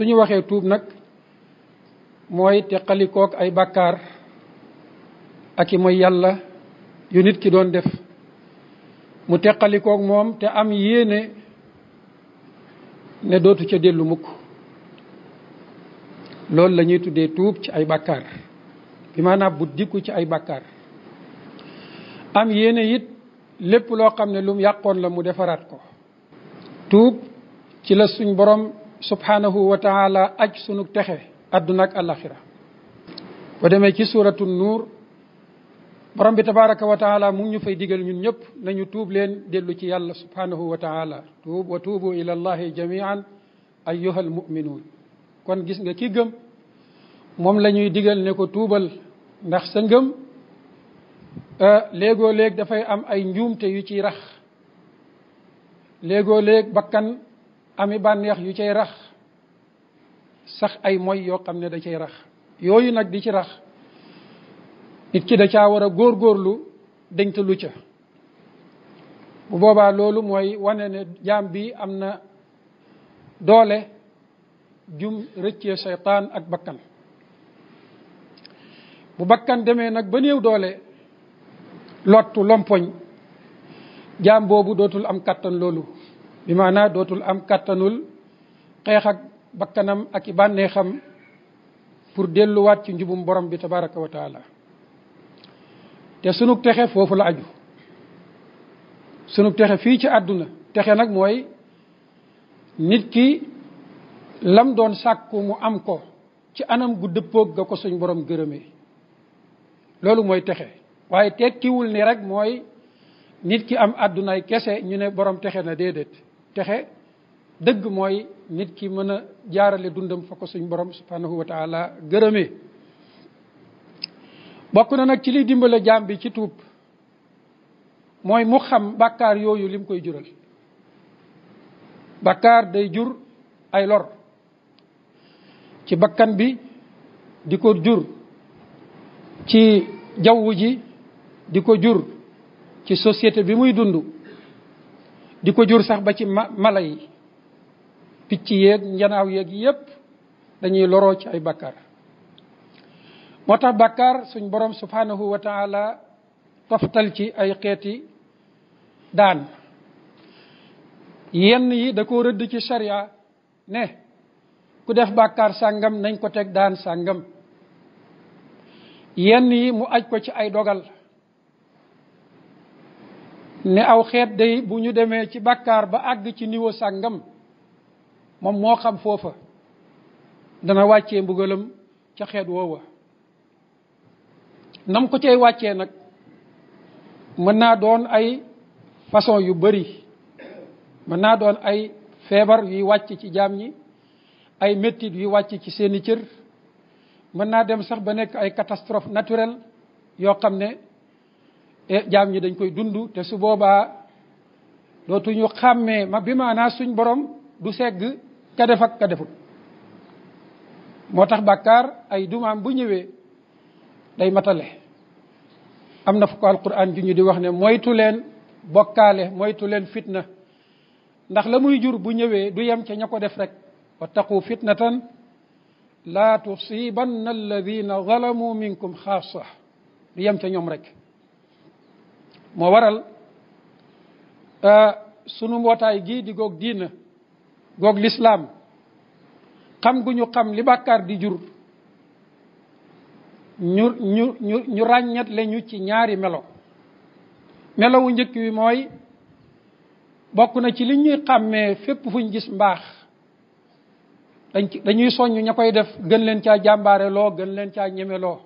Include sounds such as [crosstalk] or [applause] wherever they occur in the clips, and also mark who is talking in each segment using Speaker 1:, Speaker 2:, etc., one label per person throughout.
Speaker 1: suñu waxee tuub nag mooy teqalikook ay bàkkaar aki mooy yàlla yu nit ki doon def mu teqalikook moom te am yéene ne dootu ca dellu mukk loolu la ñuy tuddee tuub ci ay bàkkaar bi maanaam bu dikku ci ay bàkkaar am yéene it lépp loo xam ne lu yàqoon la mu defaraat ko tuub ci la suñ borom subhanahu wa taala aj sunu texe àdduna ak alaxira ba demee ci suratu nuur borom bi tabaraka wa taala mu ngi ñu fay digal ñun ñëpp nañu tuub leen dellu ci yàlla subhanahu wa taala tuub wa tuubu ila allahi jamian ayuha almuminuun kon gis nga ki gëm moom la ñuy digal ne ko tuubal ndax sa ngëm léegoo léeg dafay am ay njuumte yu ci rax léegoo léeg bakkan ami bànneex yu cay rax sax ay moy yoo xam ne da cay rax yooyu nag di ci rax nit ki da caa war a góorgóorlu dañ te lu ca bu boobaa loolu mooy wane ne jaam bi am na doole jum rëccee seytaan ak bakkan bu bakkan demee nag ba néew doole lottu lompoñ jaam boobu dootul am kàttan loolu bi maanaa dootul am kàttanul xeex bakkanam ak i xam pour delluwaat ci njubum borom bi tabaraka wa taala te sunug texe foofu la aju sunug texe fii ci àdduna texe nag mooy nit ki lam doon sàkku mu am ko ci anam gu dëppoog ga ko suñ borom gërëmee loolu mooy texe waaye tekkiwul ni rek mooy nit ki am àddunaay kese ñu ne borom texe na déedéet texe dëgg mooy nit ki mën a jaarale dundam fa ko suñ borom subhanahu wa taala gërëmee bokk na nag ci liy dimbale jaam bi ci tuub mooy mu xam bàkkaar yooyu lim koy jural bàkkaar day jur ay lor ci bakkan bi di ko jur ci jaww ji di ko jur ci société bi muy dund di kujur jur sax ba ci malay picci picc yeeg njanaaw yeeg bakar. dañuy loro ci ay bakkar moo bakkar suñ borom subhanahu wa taala taftal ci ay xeeti daan yenn yi da ko rëdd ci sharia ne ku def bakkar sangam nañ ko teg daan sangam yenn yi mu aj ko ci ay dogal ne aw xeet day bu ñu demee ci bàkkaar ba àgg ci niveau sàngam moom moo xam foofa dana wàcce mbugalam ca xeet woowa nam ko cay wàccee nag mën naa doon ay façon yu bari mën naa doon ay feebar yuy wàcc ci jaam yi ay mettit yuy wàcc ci seeni cër mën naa dem sax ba nekk ay catastrophe naturel yoo xam ne E, jaam ñi dañ koy dund te su boobaa dootuñu xàmmee ma bi maanaa suñ borom du segg ka def ka defut moo tax bàkkaar ay dumaam bu ñëwee day matale am na fu ko alquran ju ñu di wax ne moytu leen bokkaale moytu leen fitna ndax la muy jur bu ñëwee du yem ca ña ko def rek o wattaqu fitnatan la tusibanna alladina zalamu minkum xaasa du yem ca ñoom rek moo waral euh, sunu mbootaay gii di goog diina goog lislaam xam gu ñu xam li bàkkaar di jur ñu ñu ñu ñu ci ñaari melo melo wu njëkk wi mooy bokk na ci li ñuy xàmmee fépp fu gis mbaax dañ dañuy soññ ña koy def gën leen caa jàmbaare loo gën leen caa ñeme loo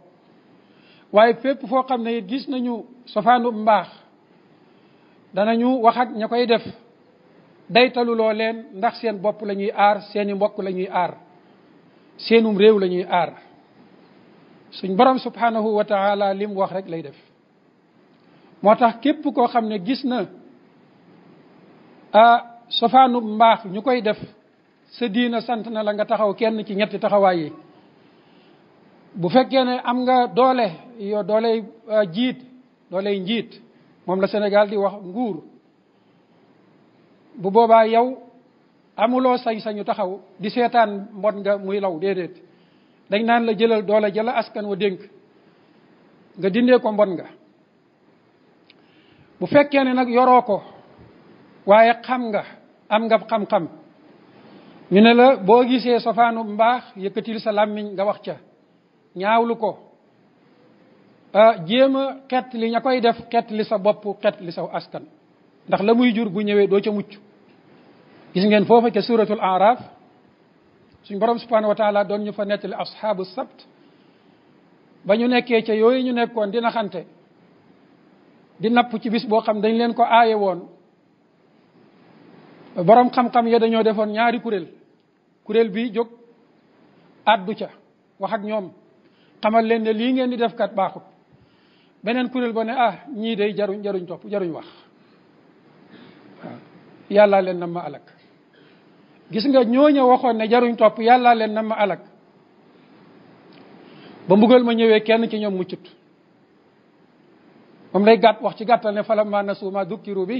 Speaker 1: waaye fépp foo xam ne it gis nañu sofaanu mbaax danañu wax ak ña koy def daytaluloo leen ndax seen bopp la ñuy aar seeni mbokk lañuy aar seenum réew lañuy aar suñ borom subhanahu wa taala lim wax rek lay def moo tax képp koo xam ne gis na ah sofaanu mbaax ñu koy def sa diina sant na la nga taxaw kenn ci ñetti taxawaay yi bu fekkee ne am nga doole yoo doole euh, jiit dooley njiit moom la Sénégal di wax nguur bu boobaa yow amuloo sañ-sañu taxaw di seetaan mbon nga muy law déedéet dañ naan la jëlal doole jëla askan wa dénk nga dindee ko mbon nga bu fekkee ne nag yoroo ko waaye xam nga am nga xam-xam ñu ne la boo gisee safaanu mbaax yëkkatil sa làmmiñ nga wax ca ñaawlu ko ah, jéem a xett li ña koy def xett li sa bopp xett li saw askan ndax la muy jur gu ñëwee doo ca mucc gis ngeen foofu ca suratul araf suñ borom subhanahu doon ñu fa nettali ashabu sabt ba ñu nekkee ca yooyu ñu nekkoon dina xante di napp ci bis boo xam dañ leen ko aaye woon borom xam-xam ya dañoo defoon ñaari kuréel kuréel bi jóg addu ca wax ak ñoom xamal leen ne lii ngeen di def kat baaxut beneen kuréel ba ne ah ñii day jaruñ jaruñ topp jaruñ wax waaw yàllaa leen na ma alak gis nga ñooña waxoon ne jaruñ topp yàllaa leen na ma alak ba mbugal ma ñëwee kenn ci ñoom muccut moom lay gàtt wax ci gàttal ne falamma nasu ma dukkiru bi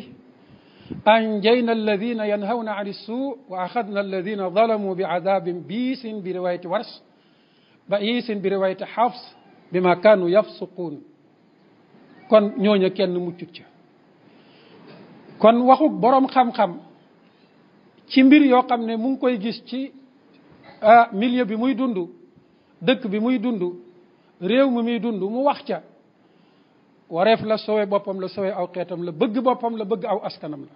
Speaker 1: أنجينا الذين ينهون عن السوء وأخذنا الذين ظلموا بعذاب بيس برواية ورث ba ba'is bi riwayati Hafs bi ma kaanu yafsuquun kon ñooñu kenn muccut ca kon waxu boroom xam-xam ci mbir yoo xam ne mu ngi koy gis ci milieu bi muy dund dëkk bi muy dund réew mi muy dund mu wax ca wareef la sowe boppam la sowe aw xeetam la bëgg boppam la bëgg aw askanam la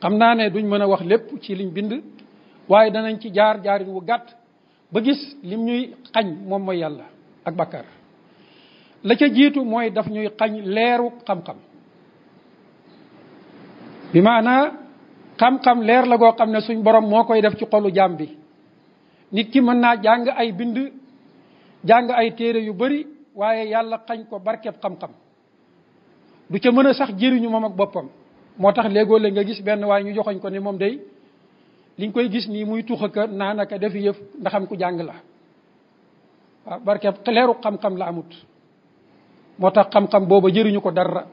Speaker 1: xam naa ne duñ mën a wax lépp ci liñ bind waaye danañ ci jaar jaarin wu gàtt ba gis lim ñuy xañ moom mooy yàlla ak bàkkaar la ca jiitu mooy daf ñuy xañ leeru xam-xam bi maanaa xam-xam leer la goo xam ne suñ borom moo koy def ci xolu jaam bi nit ki mën naa jàng ay bind jàng ay téere yu bari waaye yàlla xañ ko barkeb xam-xam du ca mën a sax jiriñu moom ak boppam moo tax léegoo la nga gis benn waaye ñu joxoñ ko ni moom dey li koy gis ni muy tuux ak nanaka ak def yëf ndaxam ku jang la waaw barke leeru xam-xam la amut motax xam-xam booba jëriñu ko dara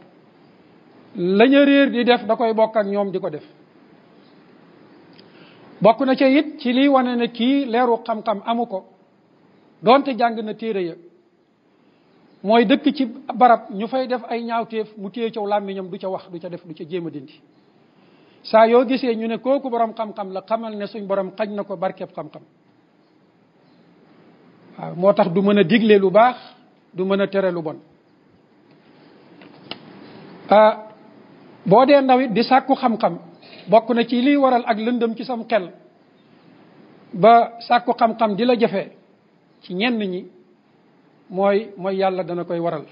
Speaker 1: lañu reer di def da koy nyom ak ñom di def bokku na ci it ci li wone ne ki leru xam-xam amuko donte jang na téré ya moy dekk ci barab ñu fay def ay ñaawteef mu téye caw làmmiñam du ci wax du ci def du ci jema dindi saa yoo gisee ñu ne kooku borom xam-xam la xamal ne suñ borom xaj na ko barkeb xam-xam moo tax du mën a digle lu baax du mën a tere lu bon ah, boo dee ndaw it di sàkku xam-xam bokk na ci liy waral ak lëndëm ci sam xel ba sàkku xam-xam di la jafe ci ñenn ñi mooy mooy yàlla dana koy waral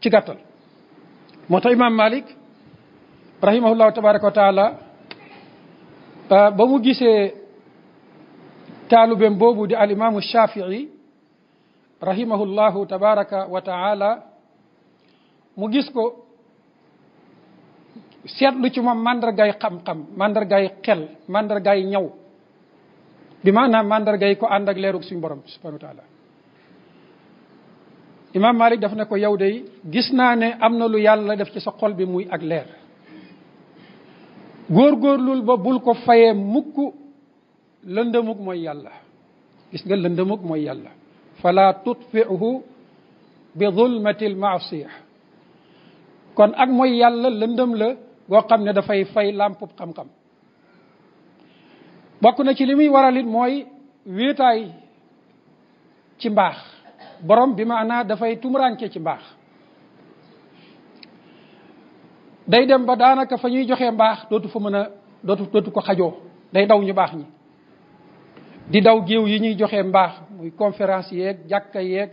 Speaker 1: ci gàttal moo tax imaam Malik rahimahullahu tabaraka taala ba mu talubem bobu di alimamu shafii rahimahullahu tabaraka wa taala mu gis ko setlu ci mandar gay xam-xam gay xel gay ñaw bi mandar gay ko ànd ak suñ borom subhanahu wa taala imam malik daf ne ko yow day gis na ne amna lu yalla def ci sa xol bi muy ak leer góorgóorlul ba bul ko fayee mukk lëndëmuk mooy yàlla gis nga lëndëmuk mooy yàlla fala tutfihu bi zulmati l kon ak mooy yàlla lëndëm la goo xam ne dafay fay làmpub xam-xam bokk na ci li muy waralit mooy wéetaay ci mbaax borom bi maanaa dafay tumuraanke ci mbaax day dem ba daanaka fa ñuy joxe mbaax dootu fa mën a dootu dootu ko xajoo day daw ñu baax ñi di daw géew yi ñuy joxe mbaax muy conférence yeeg jàkka yeeg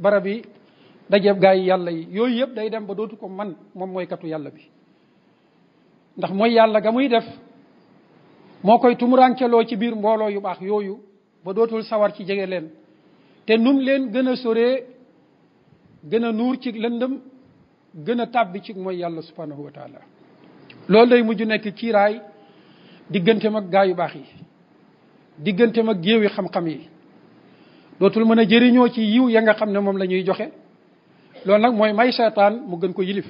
Speaker 1: barab yi dajeeb gaa yi yàlla yi yooyu yëpp day dem ba dootu ko man moom mooy katu yàlla bi ndax mooy yàlla ga muy def moo koy tumurankeloo ci biir mbooloo yu baax yooyu ba dootul sawar ci jege leen te num leen gën a sore gën a nuur ci lëndëm gën a tàbbi ci mooy yàlla subhanahu wa taala loolu day mujj nekk kiiraay diggante mag gaa yu baax yi diggante mag géewi xam-xam yi dootul mën a jëriñoo ci yiw ya nga xam ne moom la ñuy joxe loolu nag mooy may seetaan mu gën ko yilif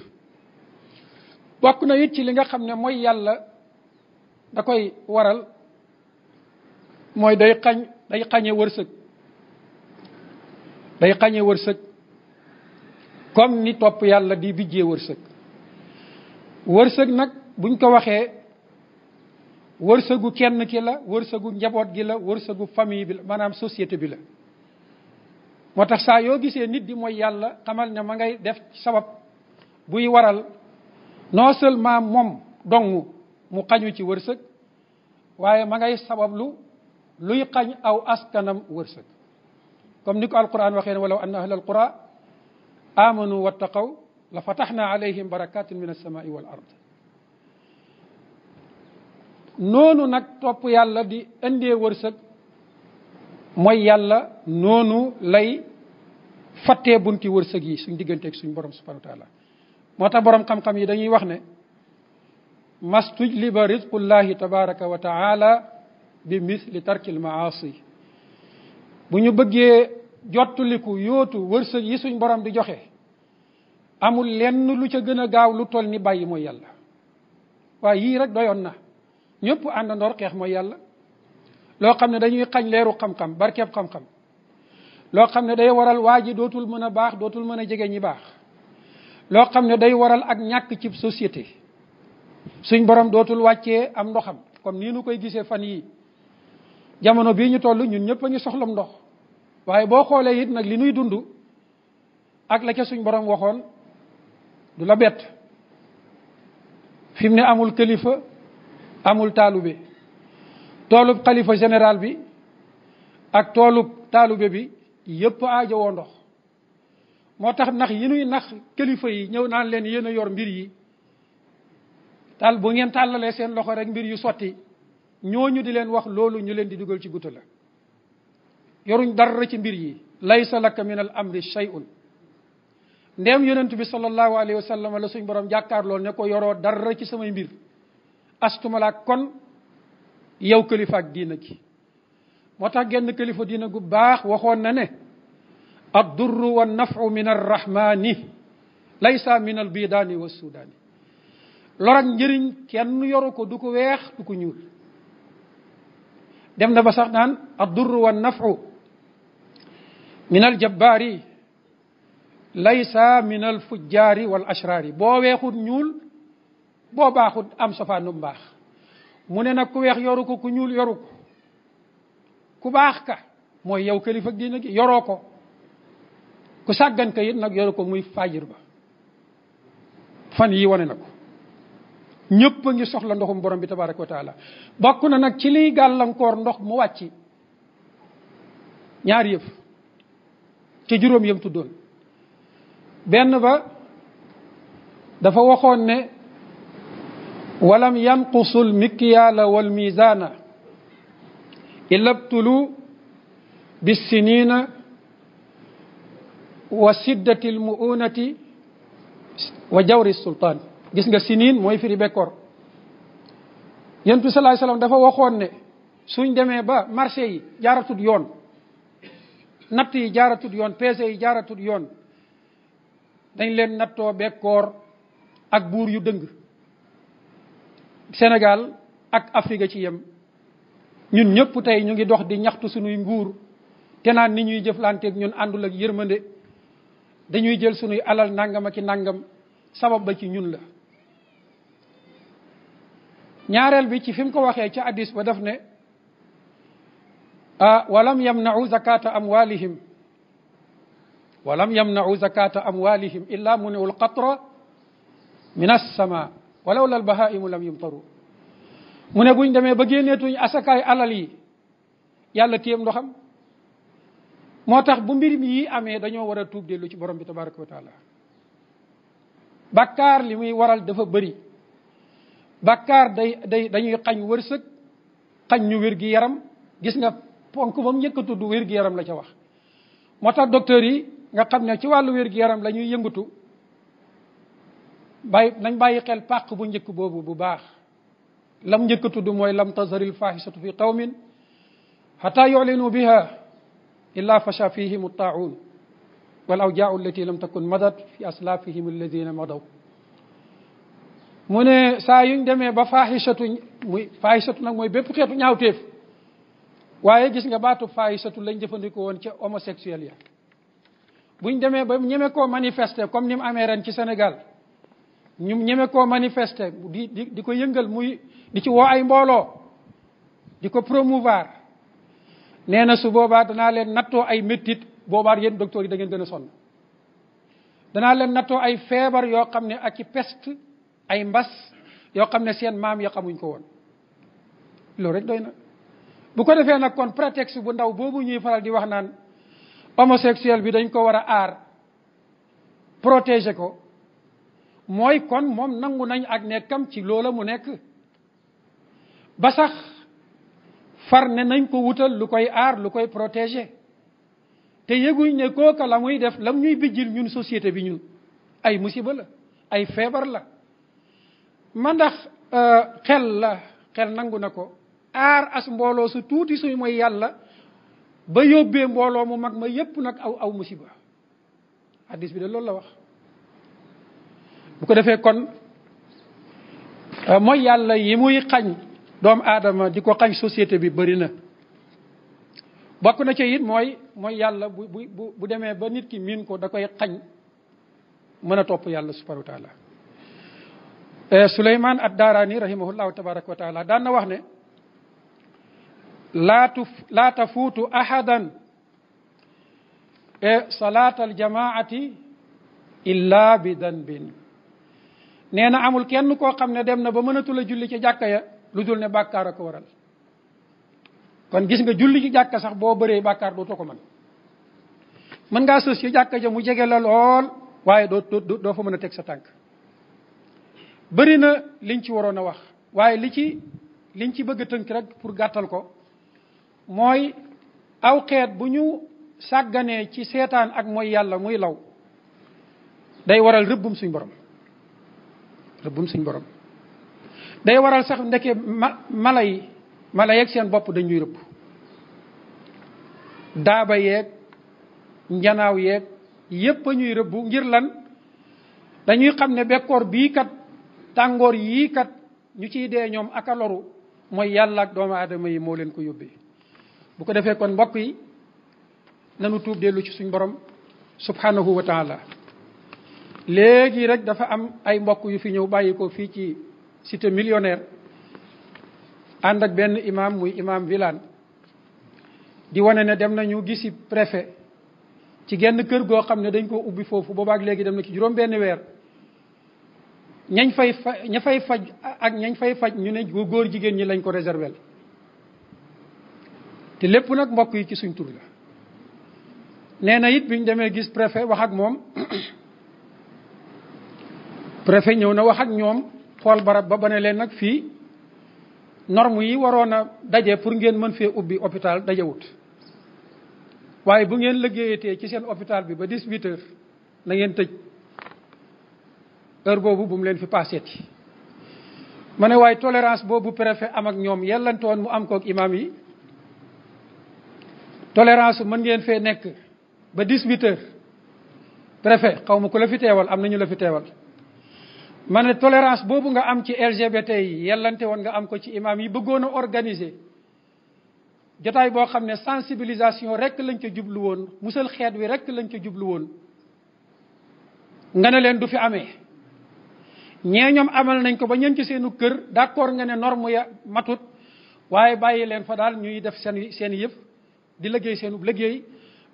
Speaker 1: bokk na it ci li nga xam ne mooy yàlla da koy waral mooy day xañ day xañe wërsëg day xañe wërsëg kom ni topp yàlla di bijjee wërsëg wërsëg nag buñ ko waxee wërsëgu kenn ki la wërsëgu njaboot gi la wërsëgu famille bi la maanaam société bi la moo tax saa yoo gisee nit di mooy yàlla xamal ne ma ngay def sabab buy waral non seulement moom dong mu xañu ci wërsëg waaye ma ngay sabablu luy xañ aw askanam wërsëg comme ni ko alquran waxee ne walaw anna ahlal qura آمنوا واتقوا لفتحنا عليهم بركات من السماء والأرض noonu nag topp yàlla di indee wërsëg mooy yàlla noonu lay fattee bunti wërsëg yi suñ digganteeg suñ borom subhanahu wa taala moo tax borom xam-xam yi dañuy wax ne mastujliba rizqullahi tabaraka wa taala bi misli tarkil maasi bu ñu bëggee jottuliku yootu wërsëg yi suñ borom di joxe amul lenn lu ca gën a gaaw lu toll ni bàyyi mooy yàlla waaye yii rek doyoon na ñëpp àndandoor xeex mooy yàlla loo xam ne dañuy xañ leeru xam-xam barkeeb xam-xam loo xam ne day waral waa ji dootul mën a baax dootul mën a jege ñi baax loo xam ne day waral ak ñàkk cib société suñ borom dootul wàccee am ndoxam comme nii nu koy gisee fan yii jamono bii ñu toll ñun ñëpp a ngi soxlam ndox waaye boo xoolee it nag li nuy dund ak la ca suñ borom waxoon du la bett fi ne amul kilifa amul taalube toolub xalifa général bi ak toolub taalube bi yëpp aajowoo ndox moo tax nax yi nuy nax kilifa yi ñëw naan leen yéen a yor mbir yi taal bu ngeen tàllalee seen loxo rek mbir yu sotti ñooñu di leen wax loolu ñu leen di dugal ci guta la yoruñ dara ci mbir yi laysa laka min al amri shay'un ndéem bi sallallahu alayhi wa sallam la suñ borom jàkkaar lool ne ko yoroo dara ci samay mbir astumala kon yow kilifa ak diina gi moo tax genn kilifa diina gu baax waxoon na ne ad durru wa nafu min arrahmani laysa min al bidaani wa sudaani lor ak kenn yoru ko du ko weex du ko ñuul dem na ba sax naan ad durru wa nafu من الجباري ليس من الفجار والاشرار بو ويخود نيول بو باخود ام صفا نوم باخ مون نا كو ويخ يوروكو كو نيول يوروكو كو باخ كا موي ياو كليفا دينك يوروكو كو ساغان كا يت نك يوروكو موي فاجر با فان يي وني نكو ñepp ngi soxla ndoxum borom bi tabaarak wa ta'ala bokku na nak ci li galankor ndox ñaar yeuf ca juróom yam tuddoon benn ba dafa waxoon ne walam yanqusul mikyaala wal miizaana ilabtulu bissinina wa siddati almuunati wa jawri sultaan gis nga siniin mooy firi bekkoor yentu salaay salaam dafa waxoon ne suñ demee ba marché yi jaaratud yoon natt yi jaaratut yoon peese yi jaaratut yoon dañ leen nattoo bekkoor ak buur yu dëng senegal ak Afrique ci yem ñun ñëpp tey ñu ngi dox di ñaxtu suñuy nguur te naan ni ñuy jëflanteeg ñun àndul ak yërmande dañuy jël suñuy alal nangam ak i nangam sabab ba ci ñun la ñaareel bi ci fi ko waxee ca addis ba daf ne آه، ولم يمنعوا زكاة أموالهم ولم يمنعوا زكاة أموالهم إلا منعوا القطرة من السماء ولولا البهائم لم يمطروا من يقول عندما يبقين يتوني أسكاي على لي يالا تيم دخم موتاخ بومبير مي امي دانيو ورا توب ديلو سي بروم بي تبارك وتعالى بكار لي مي ورال دافا بري بكار داي داي دانيو خاني ورسك خاني نيو ويرغي يارام غيسنا ponk bam mu njëkk a wér gi yaram la ci wax motax docteur yi nga xamne ci walu wér gi yaram lañuy yëngutu bay nañ bàyyi xel pak bu njëkk bobu bu baax lam njëkk a moy lam tazaril lfahisatu fi qawmin hatta yulinu biha illa fasha fihi attaaun wal awja'u allati lam takun madat fi aslafihim alladhina mu mune sa yuñ deme ba faaxisatu muy nak moy bépp xetu ñaawteef waaye gis nga baatu faayisatu lañ jëfandikoo woon ca homosexuel ya buñ demee ba ñeme koo manifester comme ni mu amee ren ci Sénégal ñu ñeme koo manifester di di di ko yëngal muy di ci wo ay mbooloo di ko promouvoir nee na su boobaa danaa leen nattoo ay méttit boobaa yéen docteur yi da ngeen gën danaa leen nattoo ay feebar yoo xam ne ak i peste ay mbas yoo xam ne seen maam ya xamuñ ko woon loolu doy bu ko defee nag kon prétexte bu ndaw boobu ñuy faral di wax naan homosexuel bi dañ ko war a aar protéger ko mooy kon moom nangu nañ ak nekkam ci loola mu nekk ba sax far ne nañ ko wutal lu koy aar lu koy protéger te yëguñ ne kooka la muy def lam ñuy bijjil ñun société bi ñun ay musiba la ay feebar la ma ndax euh, xel la xel nangu na ko aar as mbooloo su tuuti suy mooy yàlla ba yóbbee mbooloo mu mag ma yépp nag aw aw musiba hadis bi de loolu la wax bu ko defee kon euh, mooy yàlla yi muy xañ doomu aadama di ko xañ societé bi bëri na bokk na ci it mooy mooy yàlla bu bu bu demee ba nit ki miin ko da koy xañ mën a topp yàlla subhanahu wa taala euh, Suleymaan ad-Daaraani rahimahullahu tabaraka wa taala daan na wax ne laa tafuutu ahadan e salaatal aljamaati illa bi danbin nee na amul kenn koo xam ne dem na ba mënatul a julli ci jàkka ya lu dul ne bàkkaar a waral kon gis nga julli ci jàkka sax boo baree bàkkaar dootoo ko man mën nga sës ci jàkka ja mu jege la lool waaye doo doo fa mën a teg sa tànk bëri na liñ ci waroon a wax waaye li ci liñ ci bëgg tënk rek pour gàttal ko moy aw xeet bu ñu ci setan ak moy yalla muy law day waral rebbum suñ borom rebbum suñ borom day waral sax ndeke Malay, malay ak seen bop dañuy rebb daba yek njanaaw yek yep ñuy rebb ngir lan dañuy xamne ne bekkoor bii kat tangor yi kat ñu ci dé ñom loru ak doomu yi ko yobbe bu ko defee kon mbokk yi nanu tuub dellu ci suñ borom subhanahu wa taala léegi rek dafa am ay mbokk yu fi ñëw bàyyi fii ci cité millionnaire ànd ak benn imam muy imam Wilane di wane ne dem nañu gisi préfet ci genn kër goo xam ne dañ koo ubbi foofu boobaak léegi dem na ci juróom benn weer ñañ fay fa ña fay faj ak ñañ fay faj ñu ne góor jigéen ñi lañ ko réservel te lépp nag mbokk yi ci suñ tur la nee na it biñ demee gis préfet wax ak moom [coughs] préfet ñëw na wax ak ñoom xool barab ba ba leen nag fii norme yi waroon a daje pour ngeen mën fee ubbi hôpital dajewut waaye bu ngeen liggéeyatee ci seen hôpital bi ba 18 heures na ngeen tëj heure boobu bu mu leen fi paaseeti ma ne waaye tolérance boobu préfet am ak ñoom yellantoon mu am kook imam yi tolérance mën ngeen fee nekk ba 18 heures préfet xaw ma ku la fi teewal am na ñu la fi teewal ma ne tolérance boobu nga am ci LGBT yi yellante woon nga am ko ci imam yi bëggoon a organiser jotaay boo xam ne sensibilisation rek lañ ca jublu woon musal xeet wi rek lañ ca jublu woon nga ne leen du fi amee ñee ñoom amal nañ ko ba ñen ci seenu kër d'accord nga ne norme ya matut waaye bàyyi leen fa daal ñuy def seen seen yëf di liggéey seenub liggéey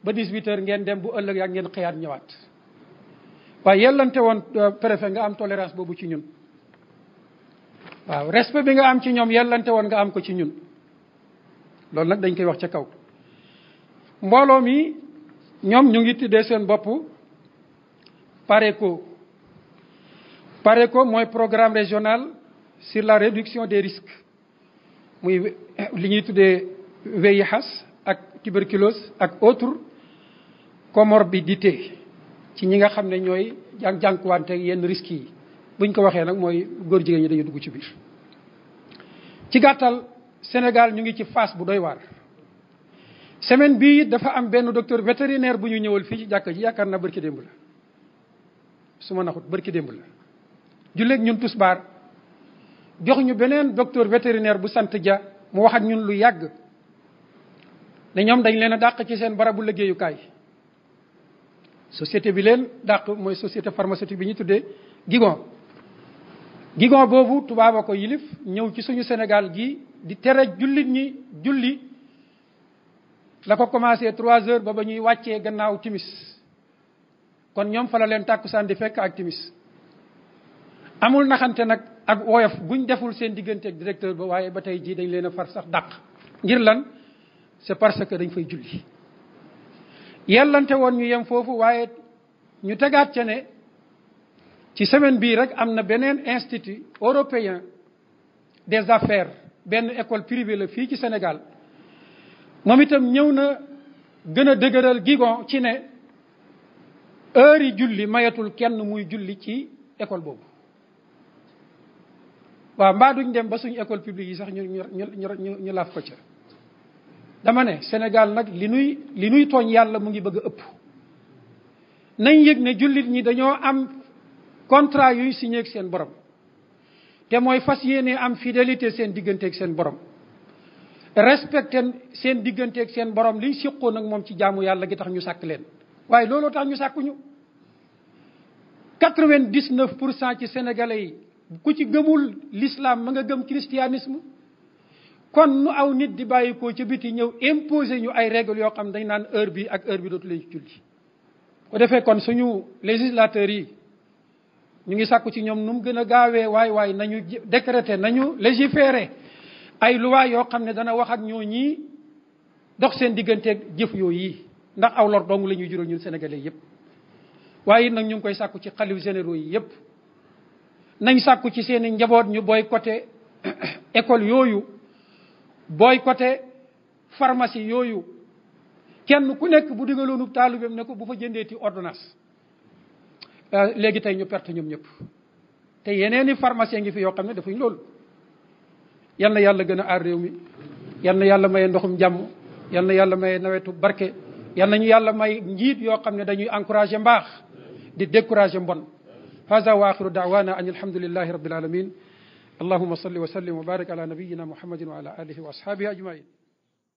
Speaker 1: ba 18 heures ngeen dem bu ëllëg yaa ngeen xiyaat ñëwaat waaye yellante woon euh, préfet nga am tolérance boobu ci ñun waaw respect bi nga am ci ñoom yellante woon nga am ko ci ñun loolu nag dañ koy wax ca kaw mbooloo mi ñoom ñu ngi tuddee seen bopp pareco pareco mooy programme régional sur la réduction des risques muy li ñuy tuddee VIHAS tuberculose ak autre comorbidité ci ñi nga xam ñoy jang jàng ak yeen risque yi buñ ko waxé nak moy góor jigéen ñi dañu dugg ci biir ci gàttal sénégal ñu ngi ci face bu doy war semaine bi dafa am benn docteur vétérinaire bu ñu ñëwul fii ci jàkk ji yaakaar naa barki démb la su ma naxut barki démb la julleeg ñun jox ñu beneen docteur vétérinaire bu sant ja mu wax ak ñun lu yàgg ne ñoom dañ leen a dàq ci seen barabu liggéeyukaay société bi leen dàq mooy société pharmaceutique bi ñu tuddee Gigon. Gigon boobu tubaaba ko yilif ñëw ci suñu Sénégal gi di tere jullit ñi julli la ko commencé trois heures ba ba ñuy wàccee gannaaw timis kon ñoom fa la leen tàkkusaan di fekk ak timis amul naxante nag ak woyof buñ deful seen diggante digganteeg directeur ba waaye ba tey jii dañ leen a far sax dàq ngir lan c'est parce que dañ fay julli yellante woon ñu yem foofu waaye ñu tegaat ca ne ci semaine bii rek am na beneen institut européen des affaires benn école privée la fii ci Sénégal moom itam ñëw na gën a dëgëral gigon ci ne heure yi julli mayatul kenn muy julli ci école boobu waaw mbaa duñ dem ba suñu école publique yi sax ñu ñu ñu ñu laaf ko ca dama ne Sénégal nag li nuy li nuy tooñ yàlla mu ngi bëgg ëpp nañ yëg ne jullit ñi dañoo am contrat yuy signé seen borom te mooy fas yéene am fidélité seen diggante seen borom respecté seen diggante ak seen borom liñ siqoo nag moom ci jaamu yàlla gi tax ñu sàkk leen waaye looloo tax ñu sàkkuñu quatre vingt pour cent ci sénégalais yi ku ci gëmul lislaam ma nga gëm christianisme kon nu aw nit di bàyyikoo ca biti ñëw imposer ñu ay règles yoo xam ne dañ naan heure bi ak heure bi dootu leen julli ko defee kon suñu législateurs yi ñu ngi sàkku ci ñoom nu mu gën a gaawee waay waay nañu décréter nañu légiférer ay loi yoo xam ne dana wax ak ñoo ñii dox seen digganteeg jëf yooyu ndax aw lor dong la ñuy jural ñun sénégalais yépp waaye nañ ñu ngi koy sakku ci xalif généro yi yépp nañ sàkku ci seeni njaboot ñu booy boycotté [coughs] école yooyu boycotté pharmacie yooyu kenn ku nekk bu digaloonu taalibeem ne ko bu fa jëndee jëndeeti ordonnance euh, léegi tey ñu perte ñoom ñëpp te yeneeni pharmacie ngi fi yoo xam ne dafuñ loolu yan na yàlla gën a aar réew mi yal na yàlla may ndoxum jàmm yal na yàlla may nawetu barke yal ñu yàlla may njiit yoo xam ne dañuy encouragé mbaax di découragé mbon hasa wa axiru daawana an alhamdulillahi rabbil alamin اللهم صل وسلم وبارك على نبينا محمد وعلى آله وأصحابه أجمعين